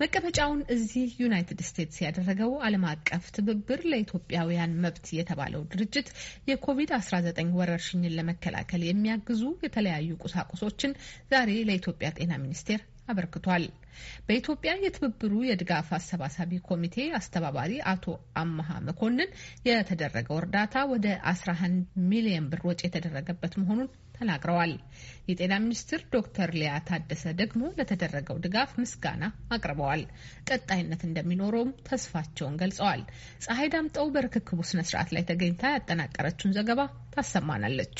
መቀመጫውን እዚህ ዩናይትድ ስቴትስ ያደረገው ዓለም አቀፍ ትብብር ለኢትዮጵያውያን መብት የተባለው ድርጅት የኮቪድ-19 ወረርሽኝን ለመከላከል የሚያግዙ የተለያዩ ቁሳቁሶችን ዛሬ ለኢትዮጵያ ጤና ሚኒስቴር አበርክቷል። በኢትዮጵያ የትብብሩ የድጋፍ አሰባሳቢ ኮሚቴ አስተባባሪ አቶ አመሀ መኮንን የተደረገው እርዳታ ወደ 11 ሚሊዮን ብር ወጪ የተደረገበት መሆኑን ተናግረዋል። የጤና ሚኒስትር ዶክተር ሊያ ታደሰ ደግሞ ለተደረገው ድጋፍ ምስጋና አቅርበዋል። ቀጣይነት እንደሚኖረውም ተስፋቸውን ገልጸዋል። ፀሐይ ዳምጠው በርክክቡ ስነስርዓት ላይ ተገኝታ ያጠናቀረችውን ዘገባ ታሰማናለች።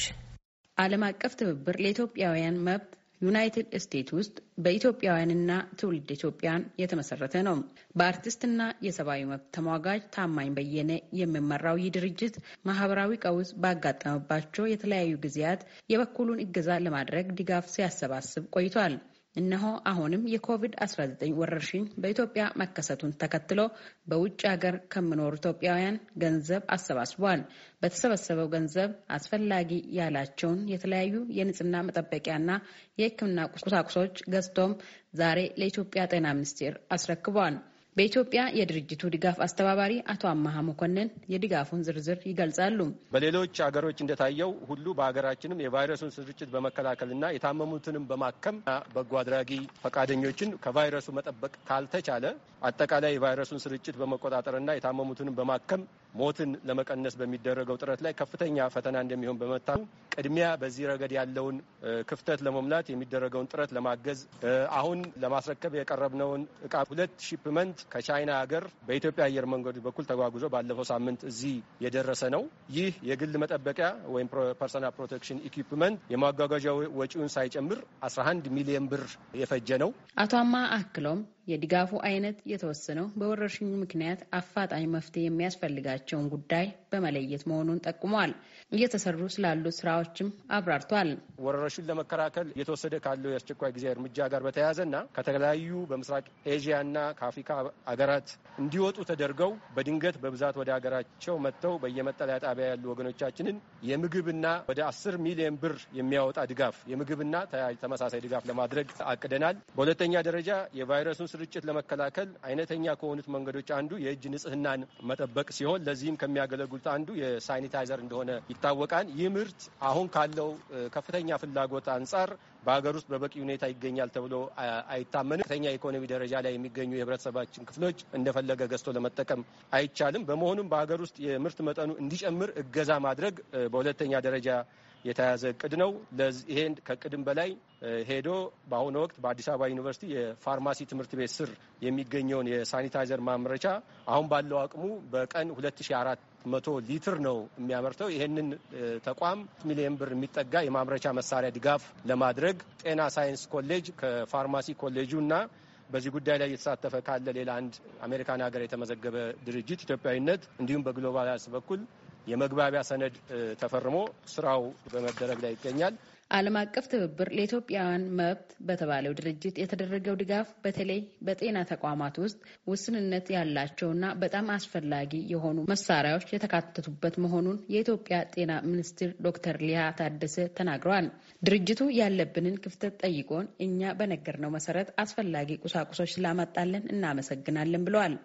ዓለም አቀፍ ትብብር ለኢትዮጵያውያን መብት ዩናይትድ ስቴትስ ውስጥ በኢትዮጵያውያንና ትውልድ ኢትዮጵያን የተመሰረተ ነው። በአርቲስትና የሰብአዊ መብት ተሟጋጅ ታማኝ በየነ የሚመራው ይህ ድርጅት ማህበራዊ ቀውስ ባጋጠመባቸው የተለያዩ ጊዜያት የበኩሉን እገዛ ለማድረግ ድጋፍ ሲያሰባስብ ቆይቷል። እነሆ አሁንም የኮቪድ-19 ወረርሽኝ በኢትዮጵያ መከሰቱን ተከትሎ በውጭ ሀገር ከምኖሩ ኢትዮጵያውያን ገንዘብ አሰባስቧል። በተሰበሰበው ገንዘብ አስፈላጊ ያላቸውን የተለያዩ የንጽህና መጠበቂያና የሕክምና ቁሳቁሶች ገዝቶም ዛሬ ለኢትዮጵያ ጤና ሚኒስቴር አስረክቧል። በኢትዮጵያ የድርጅቱ ድጋፍ አስተባባሪ አቶ አማሀ መኮንን የድጋፉን ዝርዝር ይገልጻሉ። በሌሎች ሀገሮች እንደታየው ሁሉ በሀገራችንም የቫይረሱን ስርጭት በመከላከልና የታመሙትንም በማከም በጎ አድራጊ ፈቃደኞችን ከቫይረሱ መጠበቅ ካልተቻለ አጠቃላይ የቫይረሱን ስርጭት በመቆጣጠርና የታመሙትንም በማከም ሞትን ለመቀነስ በሚደረገው ጥረት ላይ ከፍተኛ ፈተና እንደሚሆን በመታ ቅድሚያ በዚህ ረገድ ያለውን ክፍተት ለመሙላት የሚደረገውን ጥረት ለማገዝ አሁን ለማስረከብ የቀረብነውን እቃ ሁለት ሺፕመንት ከቻይና ሀገር በኢትዮጵያ አየር መንገዱ በኩል ተጓጉዞ ባለፈው ሳምንት እዚህ የደረሰ ነው። ይህ የግል መጠበቂያ ወይም ፐርሰናል ፕሮቴክሽን ኢኩፕመንት የማጓጓዣ ወጪውን ሳይጨምር 11 ሚሊዮን ብር የፈጀ ነው። አቶ አማ አክሎም የድጋፉ አይነት የተወሰነው በወረርሽኙ ምክንያት አፋጣኝ መፍትሄ የሚያስፈልጋቸውን ጉዳይ በመለየት መሆኑን ጠቁመዋል። እየተሰሩ ስላሉት ስራዎችም አብራርቷል። ወረርሽኙን ለመከላከል እየተወሰደ ካለው የአስቸኳይ ጊዜ እርምጃ ጋር በተያያዘና ከተለያዩ በምስራቅ ኤዥያና ከአፍሪካ አገራት እንዲወጡ ተደርገው በድንገት በብዛት ወደ ሀገራቸው መጥተው በየመጠለያ ጣቢያ ያሉ ወገኖቻችንን የምግብና ወደ አስር ሚሊዮን ብር የሚያወጣ ድጋፍ የምግብና ተመሳሳይ ድጋፍ ለማድረግ አቅደናል። በሁለተኛ ደረጃ የቫይረሱን ስርጭት ለመከላከል አይነተኛ ከሆኑት መንገዶች አንዱ የእጅ ንጽህናን መጠበቅ ሲሆን ለዚህም ከሚያገለግሉት አንዱ የሳኒታይዘር እንደሆነ ይታወቃል። ይህ ምርት አሁን ካለው ከፍተኛ ፍላጎት አንጻር በሀገር ውስጥ በበቂ ሁኔታ ይገኛል ተብሎ አይታመንም። ከፍተኛ የኢኮኖሚ ደረጃ ላይ የሚገኙ የህብረተሰባችን ክፍሎች እንደፈለገ ገዝቶ ለመጠቀም አይቻልም። በመሆኑም በሀገር ውስጥ የምርት መጠኑ እንዲጨምር እገዛ ማድረግ በሁለተኛ ደረጃ የተያዘ እቅድ ነው። ይሄን ከቅድም በላይ ሄዶ በአሁኑ ወቅት በአዲስ አበባ ዩኒቨርሲቲ የፋርማሲ ትምህርት ቤት ስር የሚገኘውን የሳኒታይዘር ማምረቻ አሁን ባለው አቅሙ በቀን 2400 ሊትር ነው የሚያመርተው። ይህንን ተቋም ሚሊዮን ብር የሚጠጋ የማምረቻ መሳሪያ ድጋፍ ለማድረግ ጤና ሳይንስ ኮሌጅ ከፋርማሲ ኮሌጁ እና በዚህ ጉዳይ ላይ እየተሳተፈ ካለ ሌላ አንድ አሜሪካን ሀገር የተመዘገበ ድርጅት ኢትዮጵያዊነት እንዲሁም በግሎባል በኩል የመግባቢያ ሰነድ ተፈርሞ ስራው በመደረግ ላይ ይገኛል። ዓለም አቀፍ ትብብር ለኢትዮጵያውያን መብት በተባለው ድርጅት የተደረገው ድጋፍ በተለይ በጤና ተቋማት ውስጥ ውስንነት ያላቸውና በጣም አስፈላጊ የሆኑ መሳሪያዎች የተካተቱበት መሆኑን የኢትዮጵያ ጤና ሚኒስትር ዶክተር ሊያ ታደሰ ተናግረዋል። ድርጅቱ ያለብንን ክፍተት ጠይቆን እኛ በነገርነው መሰረት አስፈላጊ ቁሳቁሶች ስላመጣለን እናመሰግናለን ብለዋል።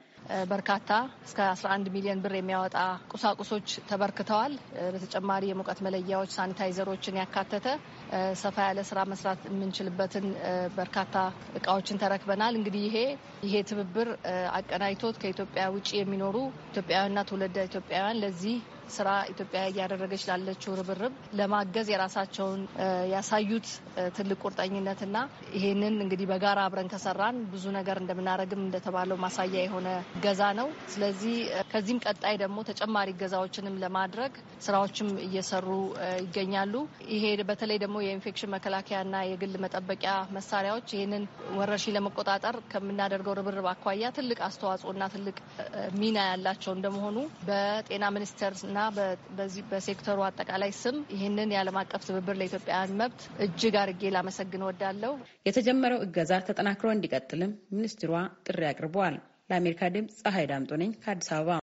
በርካታ እስከ 11 ሚሊዮን ብር የሚያወጣ ቁሳቁሶች ተበርክተዋል። በተጨማሪ የሙቀት መለያዎች፣ ሳኒታይዘሮችን ያካተተ ሰፋ ያለ ስራ መስራት የምንችልበትን በርካታ እቃዎችን ተረክበናል። እንግዲህ ይሄ ይሄ ትብብር አቀናጅቶት ከኢትዮጵያ ውጭ የሚኖሩ ኢትዮጵያውያንና ትውልደ ኢትዮጵያውያን ለዚህ ስራ ኢትዮጵያ እያደረገች ላለችው ርብርብ ለማገዝ የራሳቸውን ያሳዩት ትልቅ ቁርጠኝነትና ይሄንን እንግዲህ በጋራ አብረን ከሰራን ብዙ ነገር እንደምናደርግም እንደተባለው ማሳያ የሆነ ገዛ ነው። ስለዚህ ከዚህም ቀጣይ ደግሞ ተጨማሪ ገዛዎችንም ለማድረግ ስራዎችም እየሰሩ ይገኛሉ። ይሄ በተለይ ደግሞ የኢንፌክሽን መከላከያና የግል መጠበቂያ መሳሪያዎች ይህንን ወረርሽኝ ለመቆጣጠር ከምናደርገው ርብርብ አኳያ ትልቅ አስተዋጽኦና ትልቅ ሚና ያላቸው እንደመሆኑ በጤና ሚኒስቴር ። እና በዚህ በሴክተሩ አጠቃላይ ስም ይህንን የዓለም አቀፍ ትብብር ለኢትዮጵያውያን መብት እጅግ አድርጌ ላመሰግን ወዳለው። የተጀመረው እገዛ ተጠናክሮ እንዲቀጥልም ሚኒስትሯ ጥሪ አቅርበዋል። ለአሜሪካ ድምፅ ፀሐይ ዳምጦ ነኝ ከአዲስ አበባ።